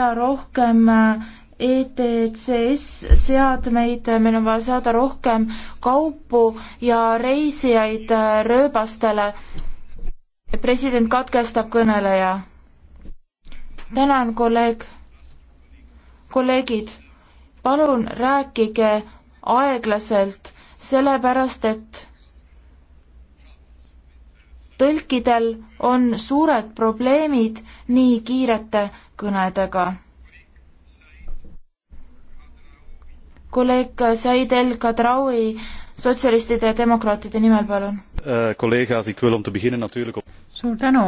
vaja rohkem äh, ETCS seadmeid, äh, meil on vaja saada rohkem kaupu ja reisijaid äh, rööbastele. president katkestab kõneleja. tänan, kolleeg. kolleegid, palun rääkige aeglaselt, sellepärast et tõlkidel on suured probleemid nii kiirete kõnedega. kolleeg Said El Kadraoui sotsialistide ja demokraatide nimel, palun. Eh, suur tänu